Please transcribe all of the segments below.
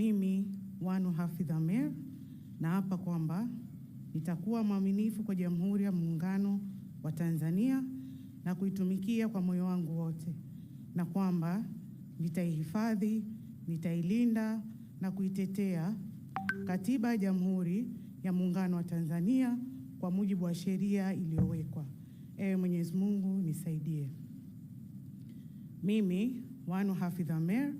Mimi Wanu Hafidh Ameir naapa kwamba nitakuwa mwaminifu kwa Jamhuri ya Muungano wa Tanzania na kuitumikia kwa moyo wangu wote, na kwamba nitaihifadhi, nitailinda na kuitetea Katiba ya Jamhuri ya Muungano wa Tanzania kwa mujibu wa sheria iliyowekwa. Ewe Mwenyezi Mungu nisaidie. Mimi Wanu Hafidh Ameir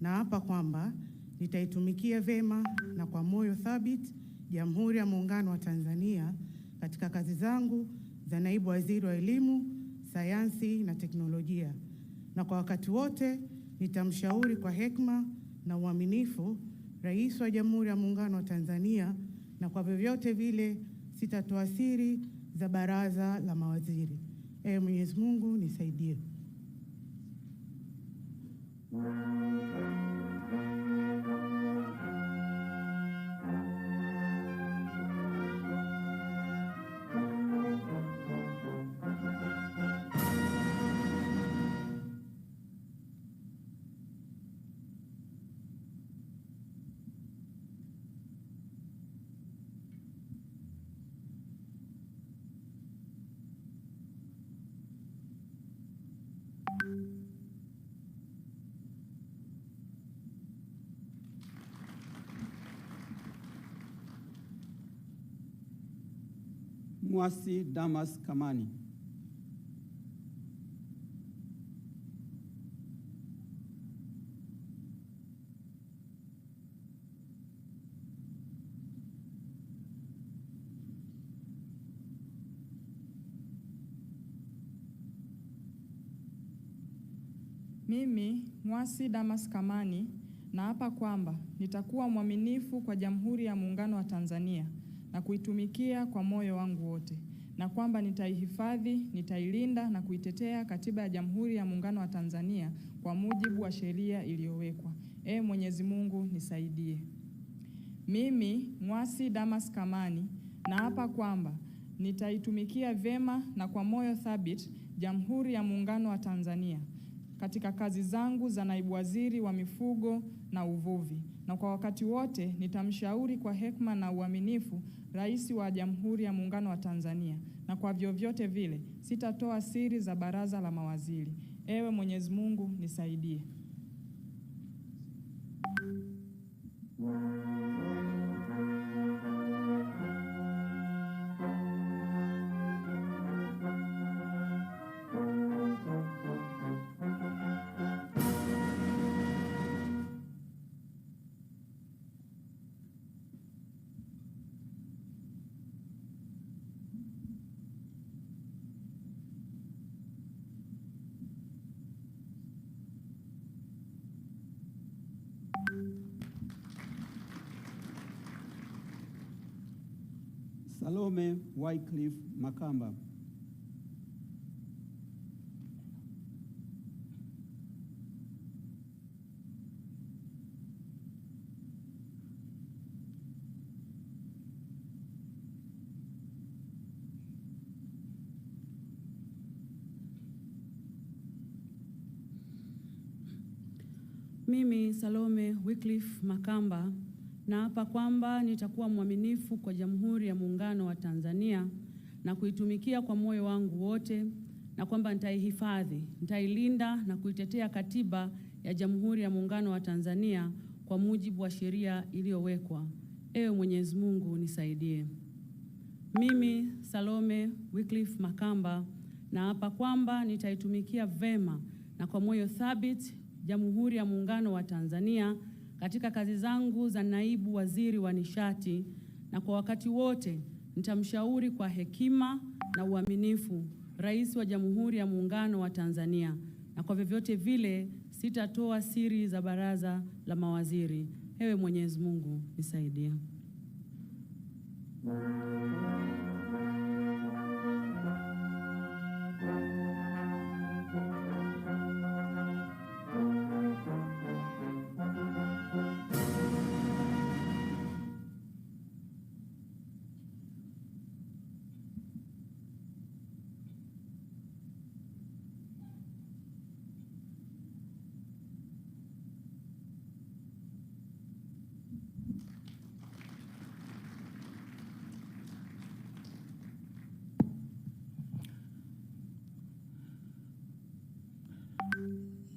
naapa kwamba nitaitumikia vema na kwa moyo thabiti Jamhuri ya Muungano wa Tanzania katika kazi zangu za naibu waziri wa elimu, sayansi na teknolojia, na kwa wakati wote nitamshauri kwa hekima na uaminifu Rais wa Jamhuri ya Muungano wa Tanzania, na kwa vyovyote vile sitatoa siri za baraza la mawaziri. Ee Mwenyezi Mungu nisaidie. Mwasi Damas Kamani. Mimi Mwasi Damas Kamani naapa kwamba nitakuwa mwaminifu kwa Jamhuri ya Muungano wa Tanzania na kuitumikia kwa moyo wangu wote na kwamba nitaihifadhi, nitailinda na kuitetea Katiba ya Jamhuri ya Muungano wa Tanzania kwa mujibu wa sheria iliyowekwa. Ee Mwenyezi Mungu nisaidie. Mimi Mwasi Damas Kamani naapa kwamba nitaitumikia vyema na kwa moyo thabiti Jamhuri ya Muungano wa Tanzania katika kazi zangu za naibu waziri wa mifugo na uvuvi na kwa wakati wote nitamshauri kwa hekima na uaminifu Rais wa Jamhuri ya Muungano wa Tanzania, na kwa vyovyote vile sitatoa siri za baraza la mawaziri. Ewe Mwenyezi Mungu nisaidie. Salome Wycliffe Makamba. Mimi Salome Wycliffe Makamba Naapa kwamba nitakuwa mwaminifu kwa Jamhuri ya Muungano wa Tanzania na kuitumikia kwa moyo wangu wote na kwamba nitaihifadhi, nitailinda na kuitetea Katiba ya Jamhuri ya Muungano wa Tanzania kwa mujibu wa sheria iliyowekwa. Ewe Mwenyezi Mungu nisaidie. Mimi Salome Wycliffe Makamba naapa kwamba nitaitumikia vema na kwa moyo thabiti Jamhuri ya Muungano wa Tanzania katika kazi zangu za naibu waziri wa nishati, na kwa wakati wote nitamshauri kwa hekima na uaminifu Rais wa Jamhuri ya Muungano wa Tanzania, na kwa vyovyote vile sitatoa siri za baraza la mawaziri. Ewe Mwenyezi Mungu nisaidie.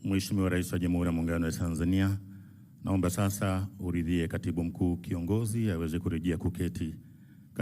Mheshimiwa Rais wa Jamhuri ya Muungano wa Tanzania, naomba sasa uridhie Katibu Mkuu Kiongozi aweze kurejea kuketi.